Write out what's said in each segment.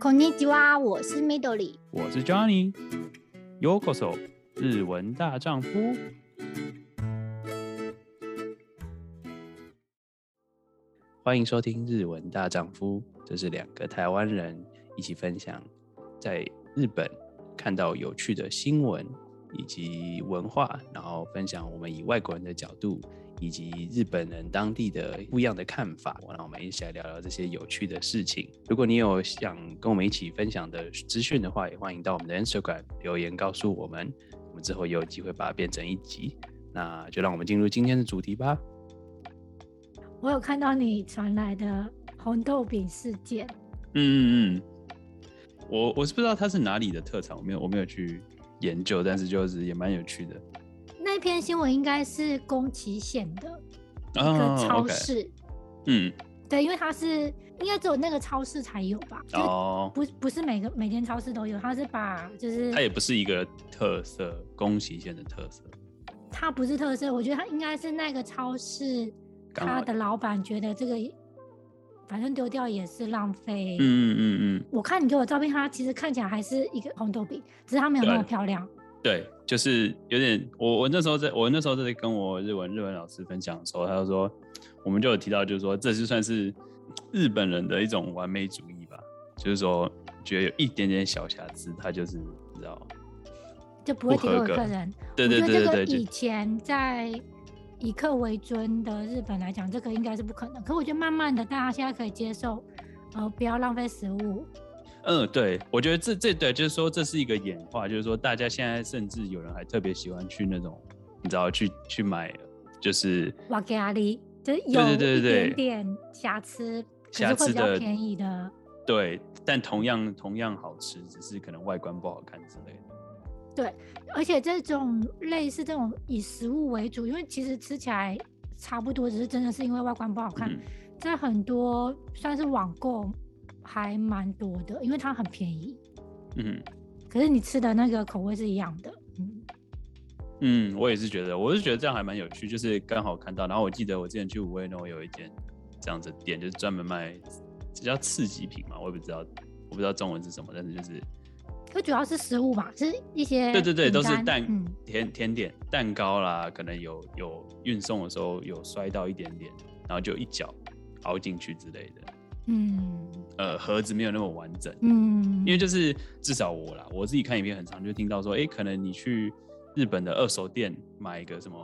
こんにちは，wa, 我是 Midori，我是 Johnny。Yokoso，日文大丈夫。歡迎收聽《日文大丈夫》，這、就是兩個台灣人一起分享在日本看到有趣的新聞以及文化，然後分享我們以外國人的角度。以及日本人當地的不一樣的看法，我讓我們一起來聊聊這些有趣的事情。如果你有想跟我們一起分享的資訊的話，也歡迎到我們的 Instagram 留言告訴我們，我們之後也有機會把它變成一集。那就讓我們進入今天的主題吧。我有看到你傳來的紅豆餅事件。嗯嗯嗯，我我是不知道它是哪裡的特產，我沒有我沒有去研究，但是就是也蠻有趣的。這篇新聞應該是宮崎縣的一個超市，嗯，對，因為它是，應該只有那個超市才有吧？哦，不，不是每個每天超市都有，它是把，就是它也不是一個特色，宮崎縣的特色，它不是特色，我覺得它應該是那個超市，它的老闆覺得這個，反正丟掉也是浪費，嗯嗯嗯嗯，我看你給我照片，它其實看起來還是一個紅豆餅，只是它沒有那麼漂亮。對，就是有點，我我那時候在，我那時候在跟我日文日文老師分享的時候，他就說，我們就有提到，就是說，這就算是日本人的一種完美主義吧，就是說，覺得有一點點小瑕疵，他就是你知道就不會提供客人。對對,對對對對對。我覺得這個以前在以客為尊的日本來講，這個應該是不可能。可我覺得慢慢的，大家現在可以接受，呃，不要浪費食物。嗯，對，我覺得這這對，就是說，這是一個演化，就是說大家現在甚至有人還特別喜歡去那種，你知道，去去買，就是瓦吉阿里，就是有對，對，對，對，一點點瑕疵，會比較瑕疵的便宜的，對，但同樣同樣好吃，只是可能外觀不好看之類的。對，而且這種類似這種以食物為主，因為其實吃起來差不多，只是真的是因為外觀不好看，在，嗯，很多算是網購。還蠻多的，因為它很便宜。嗯。可是你吃的那個口味是一樣的。嗯。嗯，我也是覺得，我是覺得這樣還蠻有趣，就是剛好看到。然後我記得我之前去五威諾有一間這樣子的店，就是專門賣這叫次級品嘛，我也不知道，我不知道中文是什麼，但是就是。就主要是食物嘛，是一些對對對，都是蛋甜甜、嗯、點蛋糕啦，可能有有運送的時候有摔到一點點，然後就一腳凹進去之類的。嗯，呃，盒子沒有那麼完整。嗯，因為就是至少我啦，我自己看影片很常，就聽到說，哎、欸，可能你去日本的二手店買一個什麼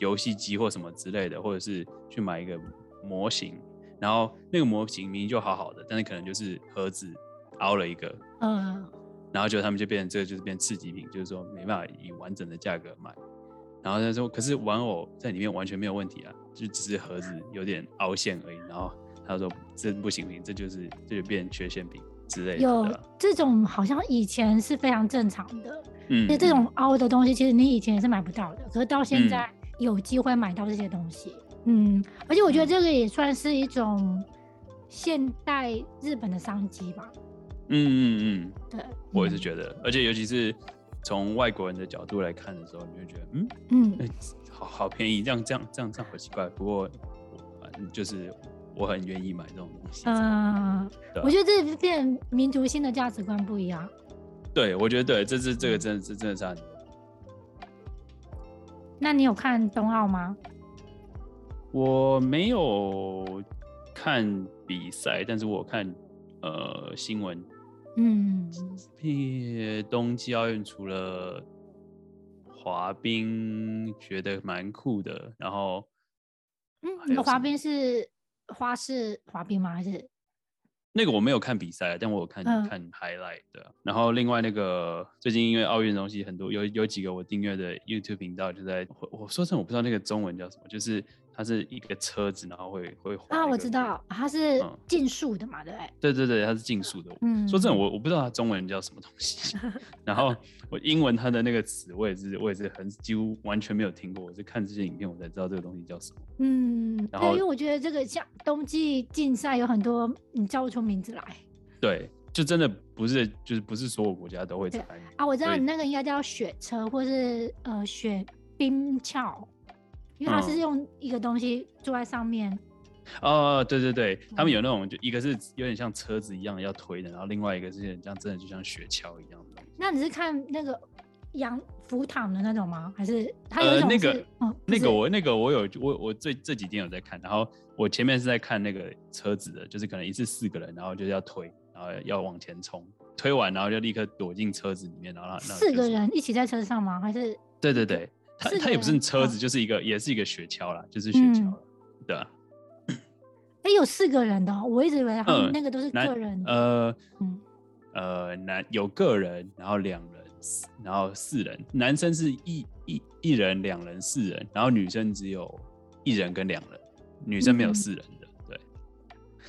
遊戲機或什麼之類的，或者是去買一個模型，然後那個模型明明就好好的，但是可能就是盒子凹了一個。嗯，然後就他們就變成，這個就是變次級品，就是說沒辦法以完整的價格買。然後他說，可是玩偶在裡面完全沒有問題啊，就只是盒子有點凹陷而已。然後。他說：“真不行品，這就是這就變缺陷品之類的。有”有這種好像以前是非常正常的，嗯，就這種凹的東西，其實你以前也是買不到的。嗯、可是到現在有機會買到這些東西，嗯，嗯，而且我覺得這個也算是一種現代日本的商機吧。嗯嗯嗯，嗯嗯對，我也是覺得，嗯、而且尤其是從外國人的角度來看的時候，你就會覺得，嗯嗯，欸、好好便宜，這樣這樣這樣這樣很奇怪。不過，就是。我很願意買這種東西。嗯、呃，我覺得這片民族性的價值觀不一樣。對，我覺得對，這是這個真的是、嗯、這真的是很。那你有看冬奧嗎？我沒有看比賽，但是我看呃新聞。嗯，這冬季奧運除了滑冰，覺得蠻酷的。然後，嗯，你的滑冰是。花式滑冰嗎？還是那個我沒有看比賽，但我有看，嗯，看 highlight 的，啊。然後另外那個最近因為奧運的東西很多，有有幾個我訂閱的 YouTube 頻道就在。我，我說真的，我不知道那個中文叫什麼，就是它是一個車子，然後會會滑啊，我知道它是競速的嘛，對不對？對對對，它是競速的。嗯，說真的我我不知道它中文叫什麼東西。 然後我英文它的那個詞我也是我也是很幾乎完全沒有聽過，我是看這些影片我才知道這個東西叫什麼。嗯，後對，因為我覺得這個像。冬季競賽有很多，你叫不出名字來。對，就真的不是，就是不是所有國家都會參加。啊，我知道以你那個應該叫雪車，或是呃雪冰橇，因為它是用一個東西坐在上面。嗯、哦，對對對，對他們有那種，就一個是有點像車子一樣要推的，然後另外一個是像真的就像雪橇一樣的。那你是看那個？仰俯躺的那種嗎？還是他有一是、呃、那個、哦那個？那個我那個我有我我這這幾天有在看，然後我前面是在看那個車子的，就是可能一次四個人，然後就是要推，然後要往前衝，推完然後就立刻躲進車子裡面，然後四個人一起在車上嗎？還是？對對對，他他也不是車子，啊、就是一個也是一個雪橇啦，就是雪橇、嗯、對吧、啊？哎，有四個人的，我一直以為他、嗯、那個都是個人，呃，嗯。呃，男有個人，然後兩人。然後四人，男生是一一一人、兩人、四人，然後女生只有一人跟兩人，女生沒有四人的，嗯、對。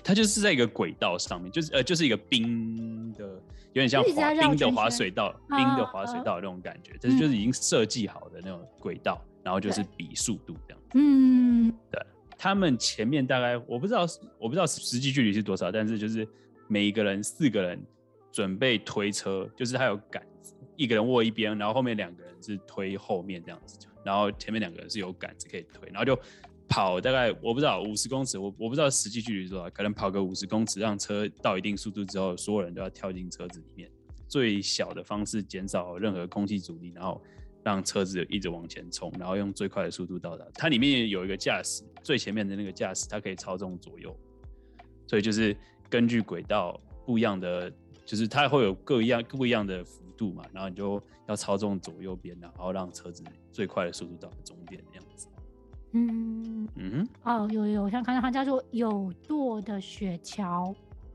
他就是在一個軌道上面，就是呃，就是一個冰的，有點像滑冰的滑水道，冰的滑水道那種感覺，就是、嗯、就是已經設計好的那種軌道，然後就是比速度這樣嗯。嗯，對，他們前面大概我不知道，我不知道實際距離是多少，但是就是每一個人四個人準備推車，就是他有感。一個人握一邊，然後後面兩個人是推後面這樣子，然後前面兩個人是有桿子可以推，然後就跑大概我不知道五十公尺，我我不知道實際距離是多少，可能跑個五十公尺，讓車到一定速度之後，所有人都要跳進車子裡面，最小的方式減少任何空氣阻力，然後讓車子一直往前衝，然後用最快的速度到達。它裡面有一個駕駛，最前面的那個駕駛，它可以操縱左右，所以就是根據軌道不一樣的，就是它會有各樣各不一樣的度嘛，然後你就要操縱左右邊，然後讓車子最快的速度到終點的樣子。嗯嗯哼哦，有有，我好像看到它叫做有舵的雪橇。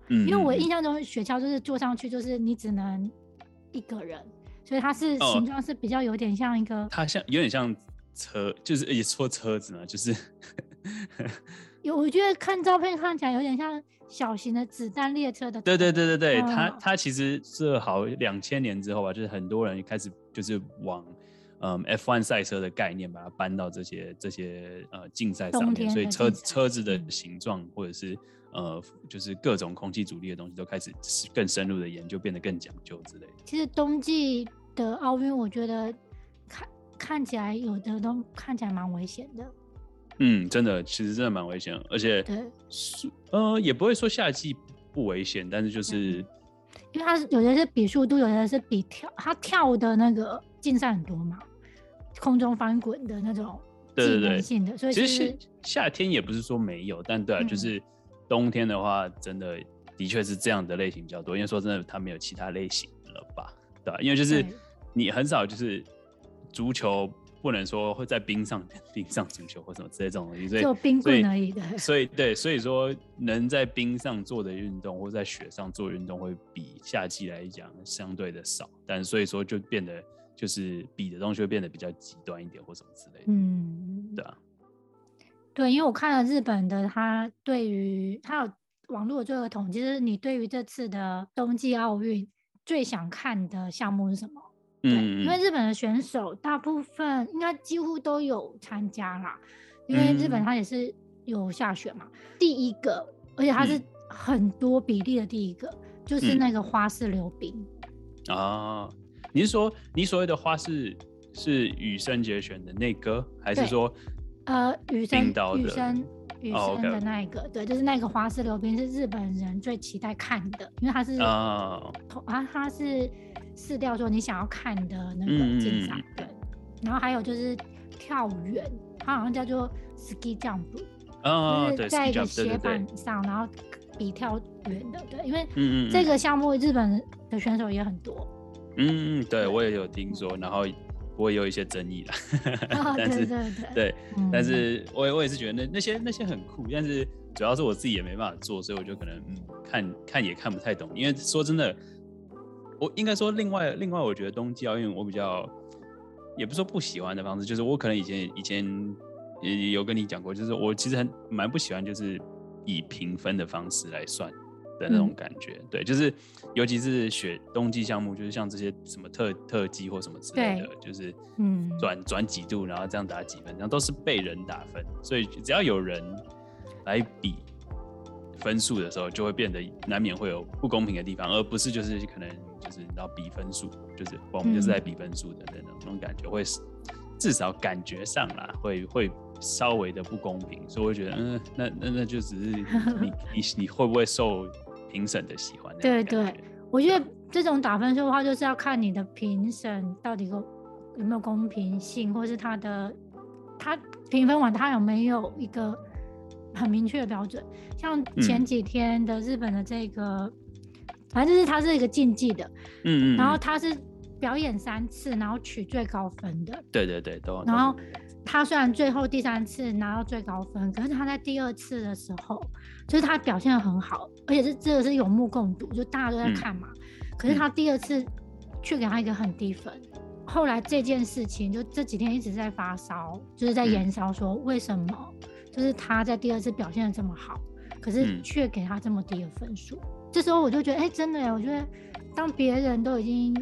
嗯、因為我的印象中雪橇就是坐上去，就是你只能一個人，所以它是形狀是比較有點像一個。它、哦、像有點像車，就是也說車子呢，就是。 有，我覺得看照片看起來有點像小型的子彈列車的。對對對對對，它它、嗯、其實是好兩千年之後吧，就是很多人開始就是往、嗯、F1 賽車的概念把它搬到這些這些呃競賽上面，所以車車子的形狀、嗯、或者是呃就是各種空氣阻力的東西都開始更深入的研究，變得更講究之類的。其實冬季的奧運，我覺得看看起來有的都看起來蠻危險的。嗯，真的，其實真的蠻危險的，而且對，呃，也不會說夏季不危險，但是就是，因為它有些是比速度，有些是比跳，它跳的那個競賽很多嘛，空中翻滾的那種的，對對對，性的，所以其實，其實夏天也不是說沒有，但對啊，嗯，就是冬天的話，真的的確是這樣的類型比較多，因為說真的，它沒有其他類型了吧，對吧，啊？因為就是你很少就是足球。不能說會在冰上，冰上足球或什麼之類這種東西，就冰棍而已的。所以，所以對，所以說能在冰上做的運動或在雪上做運動，會比夏季來講相對的少，但所以說就變得就是比的東西會變得比較極端一點或什麼之類的。嗯，對啊，對，因為我看了日本的，他對於他有網絡做的統計，就是你對於這次的冬季奧運最想看的項目是什麼？對，因為日本的選手大部分應該幾乎都有參加啦，因為日本他也是有下雪嘛。嗯、第一個，而且他是很多比例的第一個，嗯、就是那個花式溜冰。啊、嗯哦，你是說你所謂的花式是羽生結弦的那個，還是說呃羽生羽生羽生的那一個？哦 okay、對，就是那個花式溜冰是日本人最期待看的，因為他是啊、哦、他，他是。試掉說你想要看的那種精彩，嗯、對。然後還有就是跳遠，它好像叫做 ski jump、哦、就是在一個斜板上，然後比跳遠的。對，因為這個項目日本的選手也很多。嗯嗯，對，對我也有聽說。然後我也有一些爭議啦，哦、 但是對對對，對嗯、但是我也我也是覺得那那些那些很酷，但是主要是我自己也沒辦法做，所以我就可能看看，看也看不太懂。因為說真的。我應該說另外，另外另外，我覺得冬季奧、啊、運我比較，也不是說不喜歡的方式，就是我可能以前以前也有跟你講過，就是我其實很蠻不喜歡，就是以評分的方式來算的那種感覺，嗯、對，就是尤其是學冬季項目，就是像這些什麼特特技或什麼之類的，對就是嗯，轉轉幾度，然後這樣打幾分，這樣都是被人打分，所以只要有人來比分數的時候，就會變得難免會有不公平的地方，而不是就是可能。就是你知道比分數，就是我們就是在比分數的那種那種感覺，嗯、會至少感覺上啦，會會稍微的不公平，所以我覺得，嗯、呃，那那那就只是你 你你會不會受評審的喜歡？ 對，對對，我覺得這種打分數的話，就是要看你的評審到底公有沒有公平性，或是他的他評分完他有沒有一個很明確的標準，像前幾天的日本的這個。嗯反正就是他是一個競技的，嗯，嗯，嗯，然後他是表演三次，然後取最高分的。對對對，都。然後他雖然最後第三次拿到最高分，可是他在第二次的時候，就是他表現得很好，而且是真的是有目共睹，就大家都在看嘛。嗯、可是他第二次卻給他一個很低分。嗯、後來這件事情就這幾天一直在發燒，就是在延燒說為什麼，就是他在第二次表現得這麼好，可是卻給他這麼低的分數。這時候我就覺得，哎，真的耶！我覺得，當別人都已經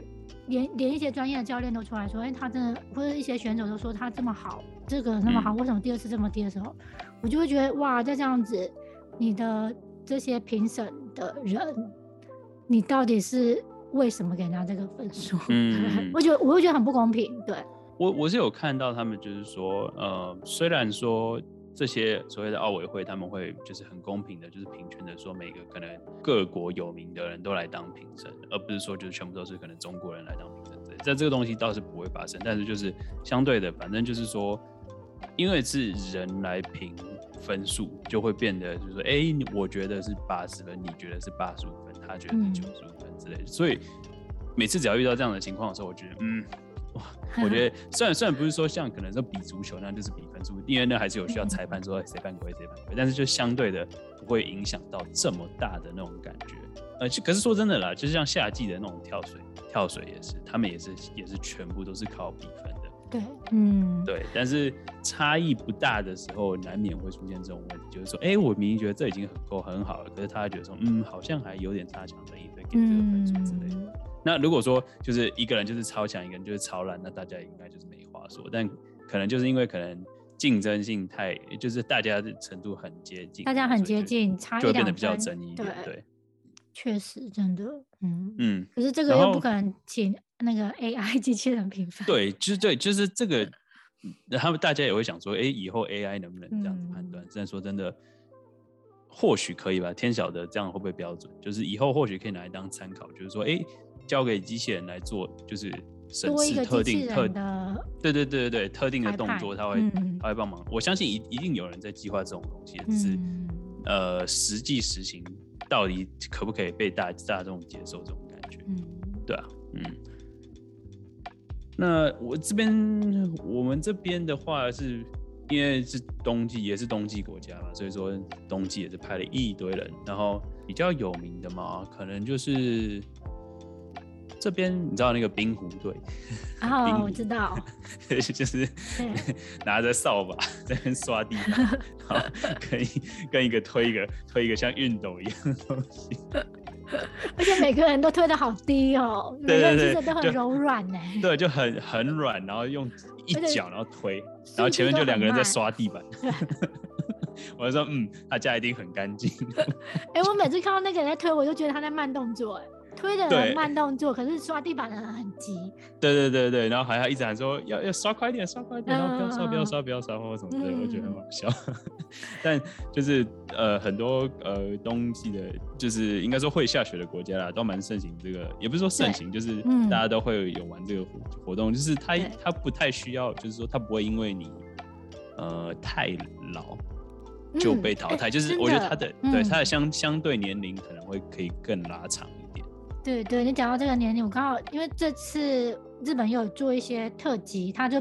連連一些專業的教練都出來說，哎，他真的或者一些選手都說他這麼好，這個那麼好，為什、嗯、麼第二次這麼低的時候，我就會覺得，哇，在這樣子，你的這些評審的人，你到底是為什麼給人家這個分數？嗯， 我覺得我會覺得很不公平。對我，我是有看到他們，就是說，呃，雖然說。這些所謂的奧委會，他們會就是很公平的，就是平均的說，每個可能各國有名的人都來當評審，而不是說就是全部都是可能中國人來當評審。對，在這個東西倒是不會發生，但是就是相對的，反正就是說，因為是人來評分數，就會變得就是說，誒，我覺得是八十分，你覺得是八十五分，他覺得是九十五分之類的。所以每次只要遇到這樣的情況的時候，我覺得嗯。哇，我覺得雖然雖然不是說像可能說比足球那樣就是比分數，因為呢，還是有需要裁判說誰犯規誰犯規，但是就相對的不會影響到這麼大的那種感覺。呃，就可是說真的啦，就是像夏季的那種跳水，跳水也是，他們也是也是全部都是靠比分的。對，嗯，對，但是差異不大的時候，難免會出現這種問題，就是說，哎、欸，我明明覺得這已經很夠很，很好了，可是他覺得說，嗯，好像還有點差強人意的給這個分數之類的。嗯那如果說就是一個人就是超強，一個人就是超爛，那大家應該就是沒話說。但可能就是因為可能競爭性太，就是大家的程度很接近、啊，大家很接近，差一兩分，就會變得比較爭一點。對，確對實真的，嗯嗯。可是這個又不可能，請那個 AI 機器人評分。對，就對，就是這個，然後大家也會想說，哎、欸，以後 AI 能不能這樣子判斷？雖然、嗯、說真的，或許可以吧，天曉得這樣會不會標準？就是以後或許可以拿來當參考，就是說，哎、欸。交給機器人來做，就是實施特定的特對對對對特定的動作，他會排排、嗯、他會幫忙。我相信一一定有人在計劃這種東西，只是、嗯、呃，實際實行到底可不可以被大大眾接受，這種感覺，嗯、對啊，嗯。那我這邊我們這邊的話是，是因為是冬季，也是冬季國家嘛，所以說冬季也是派了一堆人，然後比較有名的嘛，可能就是。這邊你知道那個冰壺對哦，oh, 湖我知道。 就是拿着掃把在這邊刷地板，跟 跟一個推一個 推一個像熨斗一樣的東西。而且每個人都推得好低哦、喔，對對對，每個人其實都很柔軟呢、欸，對，就很很軟，然後用一腳然後推，且然後前面就兩個人在刷地板。 對我就說，嗯，他家一定很乾淨。哎、 欸，我每次看到那個人在推，我就覺得他在慢動作哎。推的很慢動作，對可是刷地板的人很急。對對對對，然後還要一直喊說要要刷快點，刷快點，然後不，要刷呃、不要刷，不要刷，不要刷，或什麼的，嗯、我覺得很好笑。但就是呃很多呃冬季的，就是應該說會下雪的國家啦，都蠻盛行這個，也不是說盛行，對就是大家都會有玩這個活活動。嗯、就是他他、嗯、不太需要，就是說他不會因為你呃太老就被淘汰。嗯、就是我覺得他的，的對他的相相對年齡可能會可以更拉長。對對，你講到這個年齡，我剛好因為這次日本又有做一些特輯，他就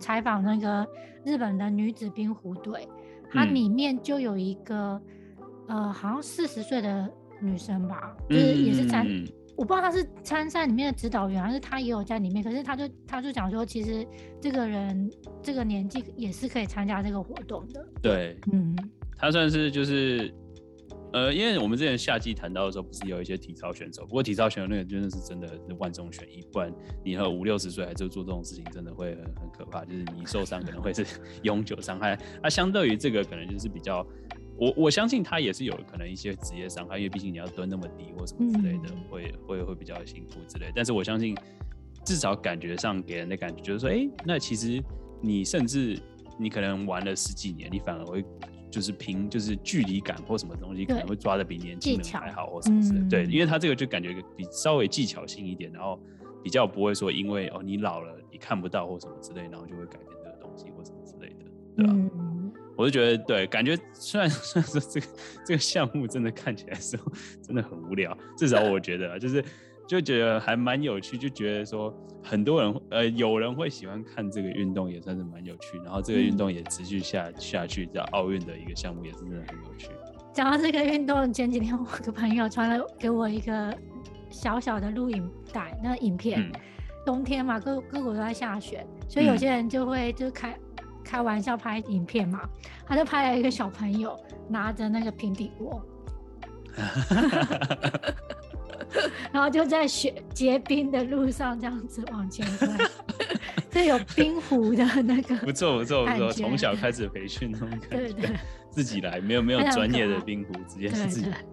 採訪那個日本的女子冰壺隊，它裡面就有一個呃，好像四十歲的女生吧，就是也是參，我不知道她是參賽裡面的指導員還是她也有在裡面，可是她就她就講說，其實這個人這個年紀也是可以參加這個活動的。對，嗯，她算是就是。呃，因為我們之前夏季談到的時候，不是有一些體操選手，不過體操選手那個真的是真的是萬中選一，不然你以後五六十歲還就做這種事情，真的會很可怕，就是你受傷可能會是 永久傷害。那、啊、相對於這個，可能就是比較，我我相信他也是有可能一些職業傷害，因為畢竟你要蹲那麼低或什麼之類的，嗯、會會會比較辛苦之類的。但是我相信，至少感覺上給人的感覺就是說，誒、欸，那其實你甚至你可能玩了十幾年，你反而會。就是憑就是距離感或什麼東西對可能會抓得比年輕人還好巧或什麼之類的，嗯、對，因為他這個就感覺比稍微技巧性一點，然後比較不會說因為哦你老了你看不到或什麼之類，然後就會改變這個東西或什麼之類的，對吧、啊？嗯、我就覺得對，感覺雖然雖然說這個、這個項目真的看起來是真的很無聊，至少我覺得啊，就是。就覺得還蠻有趣，就覺得說很多人呃有人會喜歡看這個運動也算是蠻有趣，然後這個運動也持續下去、嗯、下去叫奧運的一個項目也是真的很有趣。講到這個運動，前幾天我個朋友傳了給我一個小小的錄影帶，那個影片、嗯、冬天嘛各各國都在下雪，所以有些人就會就開、嗯、開玩笑拍影片嘛，他就拍了一個小朋友拿着那個平底鍋。 然後就在雪結冰的路上這樣子往前走，這有冰壺的那個不，不錯不錯不錯，從小開始培訓那種感覺，對對對自己來沒有沒有專業的冰壺，直接自己來，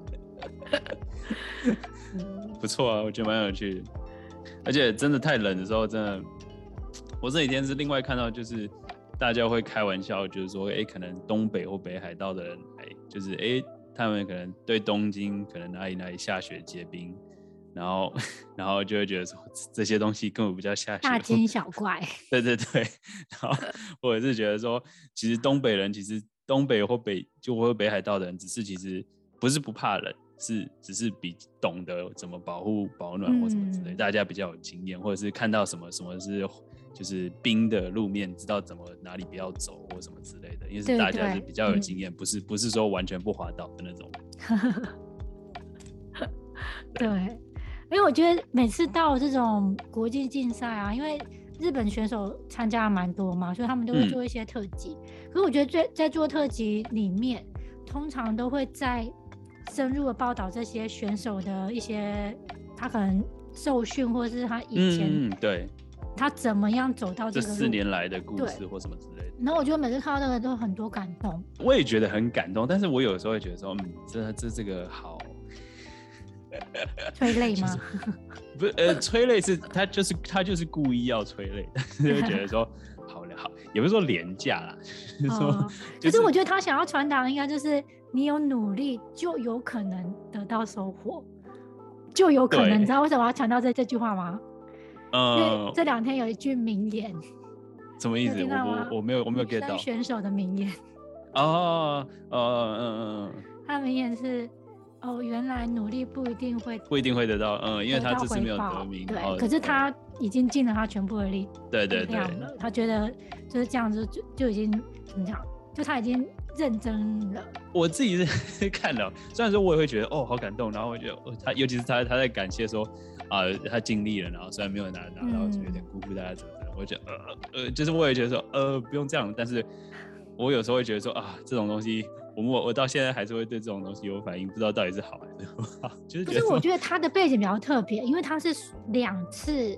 不錯啊，我覺得蠻有趣的，而且真的太冷的時候，真的，我這幾天是另外看到就是大家會開玩笑，就是說哎，可能東北或北海道的人，哎，就是哎。他們可能對東京，可能哪裡哪裡下雪結冰，然後然後就會覺得說這些東西根本不叫下雪，大驚小怪。 對對對，然後或者 是覺得說，其實東北人，其實東北或北，就或北海道的人，只是其實不是不怕冷，是只是比懂得怎麼保護保暖或什麼之類，嗯、大家比較有經驗，或者是看到什麼什麼是。就是冰的路面，知道怎麼哪裡不要走或什麼之類的，因為是大家是比較有經驗，嗯、不是不是說完全不滑倒的那種。 對，因為我覺得每次到這種國際競賽啊，因為日本選手參加蠻多嘛，所以他們都會做一些特輯。嗯、可是我覺得在在做特輯裡面，通常都會在深入的報道這些選手的一些他可能受訓，或者是他以前、嗯、對。他怎麼樣走到這？四年來的故事或什麼之類的、啊。然後我覺得每次看到這個都很多感動。我也覺得很感動，但是我有的時候會覺得說，嗯，這這這個好， 催淚嗎、就是？不是，呃，催淚是他就是他就是故意要催淚， 就覺得說，好了好，也不是說廉價啦，說、嗯， 就是其實我覺得他想要傳達應該就是你有努力就有可能得到收穫，就有可能，對你知道為什麼我要強調這這句話嗎？呃，嗯、這兩天有一句名言，什麼意思？到我我沒有我沒有 get 到選手的名言。哦，哦，嗯嗯嗯，他的名言是，哦，原來努力不一定會不一定會得到，嗯，因為他這次沒有得名，對，哦，可是他已經盡了他全部的力，對對對，對，他覺得就是這樣子就就已經怎麼講，就他已經認真了。我自己是看到，雖然說我也會覺得哦好感動，然後我會覺得他尤其是他他在感謝說。啊，他盡力了，然後雖然沒有拿拿到，就有點辜負大家，怎麼的？我覺得呃呃，就是我也覺得說呃不用這樣，但是，我有時候會覺得說啊，這種東西，我們我我到現在還是會對這種東西有反應，不知道到底是好還是不好。就是，可是我覺得他的背景比較特別，因為他是兩次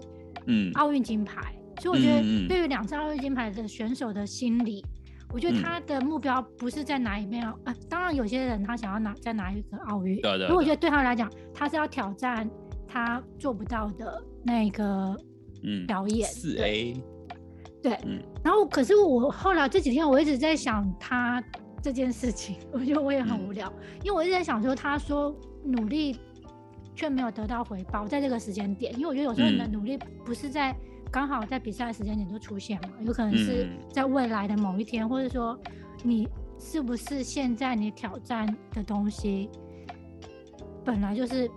奧運金牌，嗯、所以我覺得對於兩次奧運金牌的選手的心理，嗯、我覺得他的目標不是在哪一邊，嗯、啊？當然有些人他想要拿再拿一個奧運，如果覺得對他來講，他是要挑戰。他做不到的那個，嗯，表演四 A，對，對嗯，然後可是我後來這幾天我一直在想他這件事情，我覺得我也很無聊，嗯，因為我一直在想說，他說努力卻沒有得到回報，在這個時間點，因為我覺得有時候你的努力不是在剛好在比賽的時間點就出現嘛，有可能是在未來的某一天，嗯，或者說你是不是現在你挑戰的東西本來就是。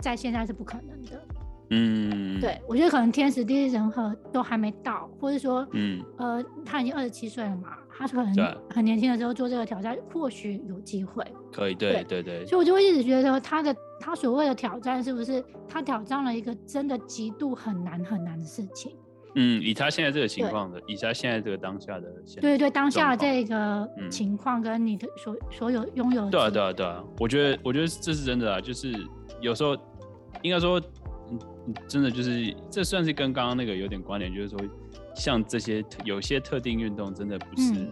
在現在是不可能的，嗯，對我覺得可能天時地利人和都還沒到，或者說，嗯，呃，他已經二十七歲了嘛，他是可能很年輕的時候做這個挑戰，或許有機會。可以，對對對,對對。所以，我就會一直覺得說，他的他所謂的挑戰，是不是他挑戰了一個真的極度很難很難的事情？嗯，以他現在這個情況的，對以他現在這個當下的現狀狀況，對,對對，當下的這個情況跟你的所、嗯、所有擁有的，的。對啊對啊對啊，我覺得對我覺得這是真的啊，就是有時候。應該說，真的就是這算是跟剛剛那個有點關聯，就是說，像這些有些特定運動，真的不是，嗯、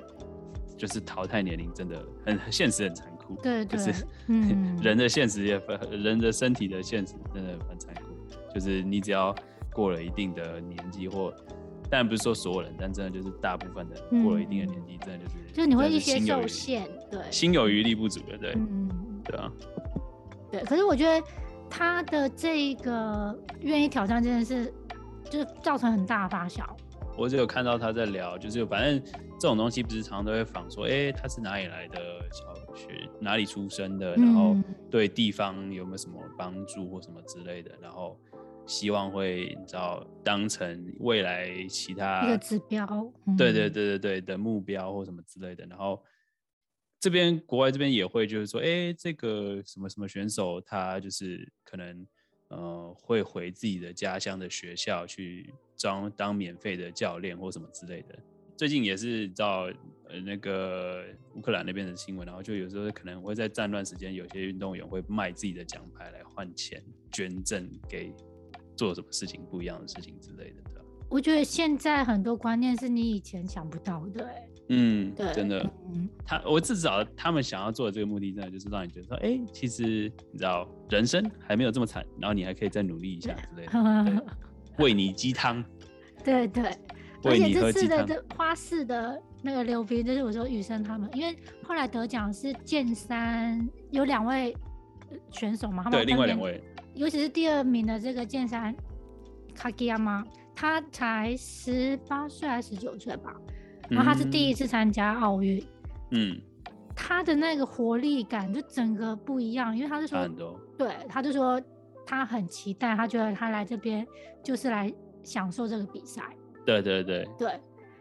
就是淘汰年齡真的很現實，很殘酷。對，對，就是，嗯、人的現實也，人的身體的現實真的很殘酷。就是你只要過了一定的年紀或，當然不是說所有人，但真的就是大部分的人過了一定的年紀，嗯、真的就是，就是你會一些受限，受限，對，心有餘力不足的，對，嗯、對啊，對，可是我覺得。他的這個願意挑戰真的是，就是，造成很大的發酵。我只有看到他在聊，就是反正這種東西不是常常都會仿說，哎，欸，他是哪裡來的小學，哪裡出生的，然後對地方有沒有什麼幫助或什麼之類的，嗯、然後希望會知道當成未來其他一個指標，對、嗯、對對對對的目標或什麼之類的，然後，這邊國外這邊也會就是說，哎、欸，這個什麼什麼選手，他就是可能，呃，會回自己的家鄉的學校去當當免費的教練或什麼之類的。最近也是到呃那個烏克蘭那邊的新聞，然後就有時候可能會在戰亂時間，有些運動員會賣自己的獎牌來換錢，捐贈給做什麼事情不一樣的事情之類的。對吧？我覺得現在很多觀念是你以前想不到的哎、欸，嗯，對，真的，嗯，他我至少他們想要做的這個目的，真的就是讓你覺得說，哎、欸，其實你知道人生還沒有這麼慘，然後你還可以再努力一下，對不 對？喂你雞湯， 對，對對，喂你雞湯。而且這次的這花式的那個溜冰，就是我說羽生他們，因為後來得獎是鍵山有兩位選手嘛，對，另外兩位，尤其是第二名的這個鍵山卡吉亞嗎？他才十八歲還是十九歲吧，然後他是第一次參加奧運。嗯，嗯，他的那個活力感就整個不一樣，因為他就說，很多，對，他就說他很期待，他覺得他來這邊就是來享受這個比賽，對對對，對，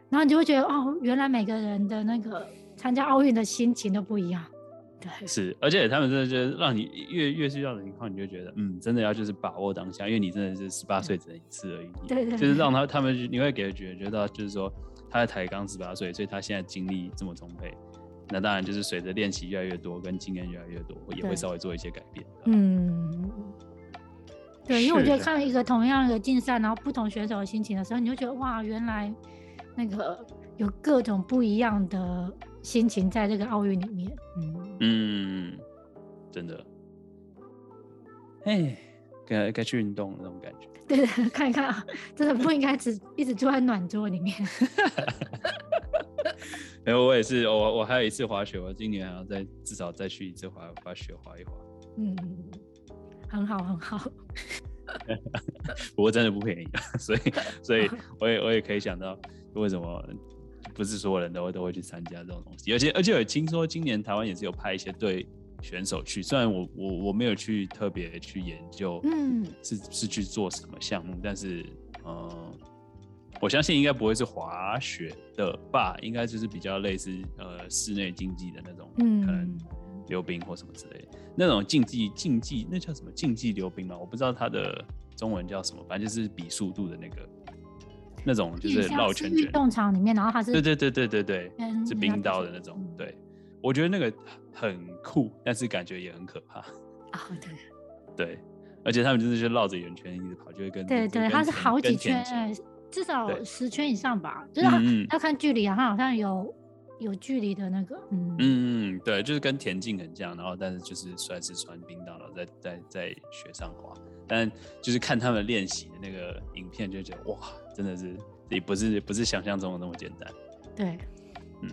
然後你就會覺得哦，原來每個人的那個參加奧運的心情都不一樣。對是，而且他們真的就是讓你越越遇到情況，你就覺得，嗯，真的要就是把握當下，因為你真的是十八歲，只能一次而已。對，就是讓他們他們就，你會給覺覺得，就是說他才剛十八歲，所以他現在精力這麼充沛。那當然就是隨着練習越來越多，跟經驗越來越多，也會稍微做一些改變。對啊、嗯，對，因為我覺得看一個同樣的競賽，然後不同選手的心情的時候，你會覺得哇，原來那個有各種不一樣的。心情在這個奧運裡面，嗯，嗯，真的，哎，該該去運動那種感覺。對，看一看啊，真的不應該只 一直坐在暖桌裡面。 沒有，我也是，我我還有一次滑雪，我今年還要再至少再去一次滑，把雪滑一滑。嗯，很好，很好。 不過真的不便宜，所以所以我也我也可以想到為什麼。不是所有人都會都會去參加這種東西，而且而且我聽說今年台灣也是有派一些隊選手去，雖然我我我沒有去特別去研究，嗯，是是去做什麼項目，但是嗯、呃，我相信應該不會是滑雪的吧，應該就是比較類似呃室內競技的那種，嗯，可能溜冰或什麼之類的，那種競技競技那叫什麼競技溜冰嗎？我不知道它的中文叫什麼，反正就是比速度的那個。那種就是繞圈圈，運動場裡面，然後他是對對對對對對，對，是冰刀的那種。對，我覺得那個很酷，但是感覺也很可怕。啊，對。對，而且他們就是就繞着圓圈一直跑，就會跟，跟前前對對，對，他，他是好幾圈，前至少十圈以上吧，就是他嗯嗯要看距離啊，他好像有。有距離的那個，嗯嗯嗯，對，就是跟田徑很像，然後但是就是算是穿冰刀在在在雪上滑，但就是看他們練習的那個影片就覺得哇，真的是也不是不是想象中的那麼簡單，對，嗯，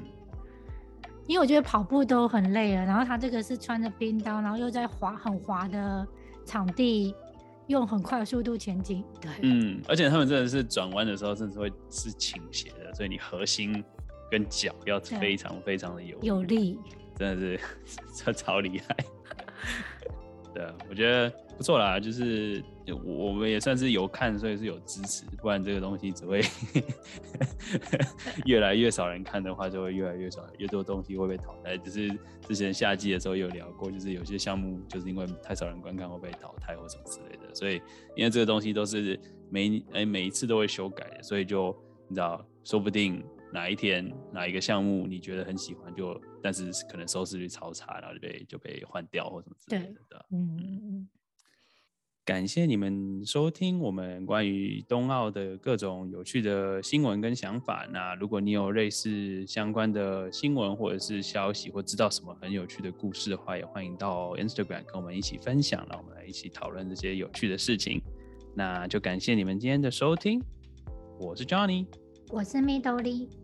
因為我覺得跑步都很累了，然後他這個是穿着冰刀，然後又在滑很滑的場地，用很快的速度前進，對，嗯，而且他們真的是轉彎的時候，真的是會是傾斜的，所以你核心。跟腳要非常非常的有力有力，真的是超超厲害。 對，我覺得不錯啦，就是就我們也算是有看，所以是有支持。不然這個東西只會 越來越少人看的話，就會越來越少，越多東西會被淘汰。就是之前夏季的時候有聊過，就是有些項目就是因為太少人觀看會被淘汰或什麼之類的。所以因為這個東西都是每、欸、每一次都會修改的，所以就你知道，說不定。哪一天哪一個項目你覺得很喜歡就，就但是可能收視率超差，然後就被就被換掉或什麼之類的。對嗯，感謝你們收聽我們關於冬奧的各種有趣的新聞跟想法。那如果你有類似相關的新聞或者是消息，或知道什麼很有趣的故事的話，也歡迎到 Instagram 跟我們一起分享，讓我們來一起討論這些有趣的事情。那就感謝你們今天的收聽，我是 Johnny，我是 Midori。